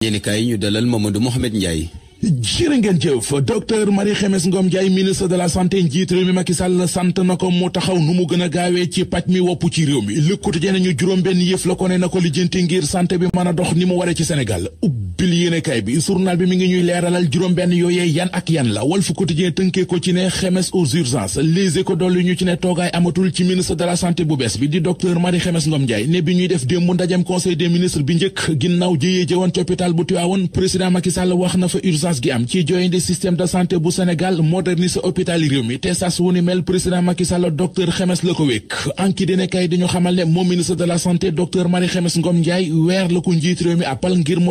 yéenekaay yi ñu dalal Mamadou Mohamed Ndiaye jërë ngeen jëf docteur Marie Xemes Ngom Ndiaye ministre de la santé njiit réew mi Macky Sall sant na ko mu taxaw nu mu gën a gaawee ci paj mi wopp ci réew mi lëkkatu ñu juróom benn yëf la ko ne na ko lijjanti ngir santé bi mën a dox ni mu waree ci Sénégal pil yéenekaay bi journal bi mi ngi ñuy leeralal juróom-benn yooyee yan ak yan la Walf Quotidien tënkee ko ci ne xemes aux urgences Les Échos dolli ñu ci ne toogaay amatul ci ministre de la santé bu bees bi di docteur Marie Xemes Ngom Ndiaye ne bi ñuy def démb ndajem conseil des ministres bi njëkk ginnaaw jëyee jëwoon ci hôpital bu Tivaouane président Macky wax na fa urgence gi am ci joyandi système de santé bu Sénégal moderniser hôpital yi mi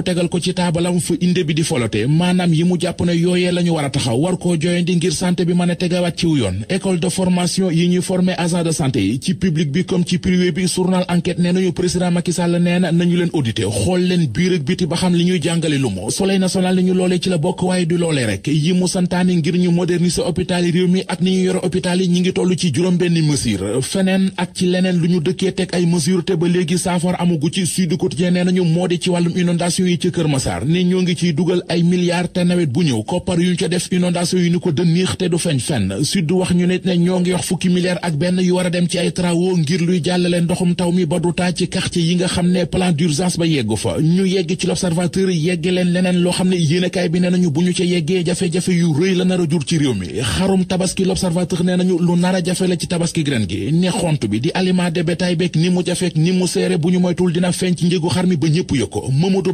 te taabalam fu inde bi di folote maanaam yi mu jàpp ne yooyee la ñu a taxaw war koo joyandi ngir santé bi mën a tegawaat ciw yoon école de formation yi ñuy former agent de santé yi ci public bi comme ci privé bi journal enquête nee nañu président Macky nee nañu leen audité xool leen biir ak biti ba xam li ñuy jàngale lu mu soleil national li ñu loolee ci la bokk waaye du loolee rek yi mu santaane ngir ñu moderniser hôpital yi réew mi ak ni ñu yore ci juróom benn mesure feneen lu ñu dëkkee teg ay mesure te ba léegi saafara amugu ci Sud Quotidien nee moo di ci wàllum inondation yi ci Kër Massar Sarr ne ngi ciy dugal ay milliards te nawet bu ñëw koppar yu ñu ca def inondation yu ñu ko dënniix te du feeñ fenn sud wax ñu nit ne ñoo ngi wax fukki milliards ak benn yu war a dem ci ay travaux ngir luy jàllale ndoxum taw mi ba du taa ci quartier yi nga xam ne plan d'urgence ba yeggu fa ñu yegg ci l'observateur yegg leen leneen loo xam ne yéenekaay bi ne nañu bu ñu ca yeggee jafe-jafe yu rëy la nar a jur ci réew mi xarum tabaski l'observateur nee nañu lu nar a jafe la ci tabaski ren gi ne xont bi di aliment de bétail beeg ni mu jafeek ni mu seere bu ñu moytul dina feeñ ci xar mi ba ñëpp yëg ko Mamadou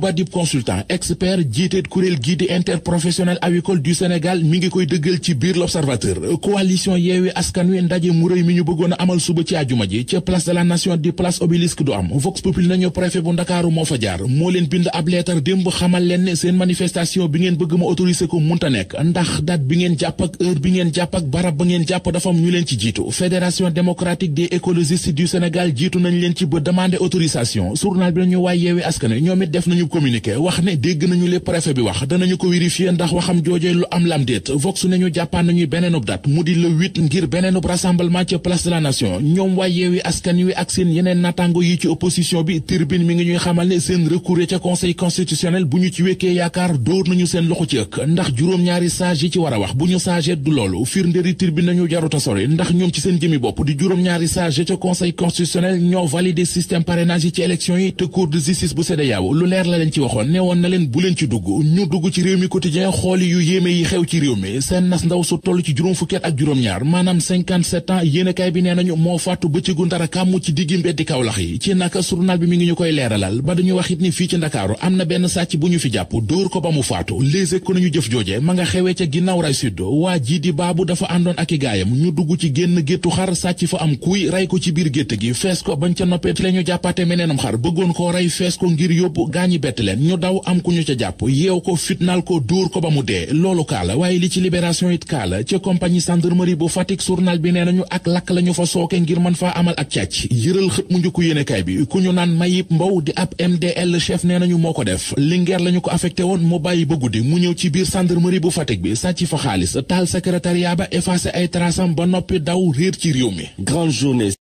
expert jiiteet kuréel gii di interprofessionnel avicole du Sénégal mi ngi koy dëggal ci biir l'observateur coalition yeewi askan wi ndaje mu rëy mi ñu bëggoon amal suba ci àjuma ji ca place de la nation di place obélisque du am vox populi nañu préfet bu ndakaaru moo fa jaar moo leen bind ab leetar démb xamal leen ne seen manifestation bi ngeen bëgg ma autorisé ko munta nekk ndax date bi ngeen jàpp ak heure bi ngeen jàpp ak barab ba ngeen jàpp dafa am ñu leen ci jiitu fédération démocratique des écologistes du Sénégal jiitu nañ leen ci ba demander autorisation journal bi nañu waay yeewi askan wi ñoom def nañu communiqué ne dégg nañu li préfet bi wax danañu ko vérifier ndax waxam joojee lu am lam déet vox nañu jàppaan nañuy beneenub date mu di le 8 ngir beneenub rassemblement ca place de la nation ñoom waa yeewi askan wi ak seen yeneen natango yi ci opposition bi tribune mi ngi ñuy xamal ne seen recours ca conseil constitutionnel bu ñu ci wekkee yaakaar dóor nañu seen loxo ci ëkk ndax juróom-ñaari sage yi ci war a wax bu ñu sagee du loolu firndéri tribune nañu jaruta sori ndax ñoom ci seen jëmi bopp di juróom-ñaari sage ca conseil constitutionnel ñoo valider système parrainage yi ci élection yi te leer la leen ci waxoon na leen bu leen ci dugg ñu ci réew mi quotidien xooli yu yéeme yi xew ci réew mi seen su toll ci juróom fukki at ak juróom-ñaar maanaam 57 ans yéenekaay bi nee nañu moo faatu bëccëgu ndara kàmm ci diggi mbeddi yi ci naka journal bi mi ngi ñu koy leeralal ba dañu wax ni fii ci Ndakaaru am na benn sàcc bu ñu fi jàpp dóor ko ba mu faatu léegi ko nañu jëf jooje ma nga xewee ca ginnaaw ray sud waa jii di baabu dafa àndoon ak i gaayam ñu dugg ci génn géttu xar sàcc fa am kuy rey ko ci biir gétt gi fees ko bañ ca noppee la ñu jàppaate meneenam xar bëggoon koo ray fees ko ngir yóbbu gaañi bett leen ñu daw am ku ñu ca jàpp yeew ko fitnaal ko dóor ko ba mu dee loolu kaa waaye li ci libération it kaa ca compagnie gendarmerie bu Fatick journal bi nee nañu ak lakk la fa sooke ngir mën faa amal ak càcc yëral xët mu njëkku yéenekaay bi ku ñu naan Mayib Mbow di ab MDL chef nee nañu moo ko def Linguère la ko affecté woon mu bàyyi ba guddi mu ñëw ci biir gendarmerie bu Fatick bi sàcc fa xaalis taal secrétariat ba effacé ay trasam ba noppi daw réer ci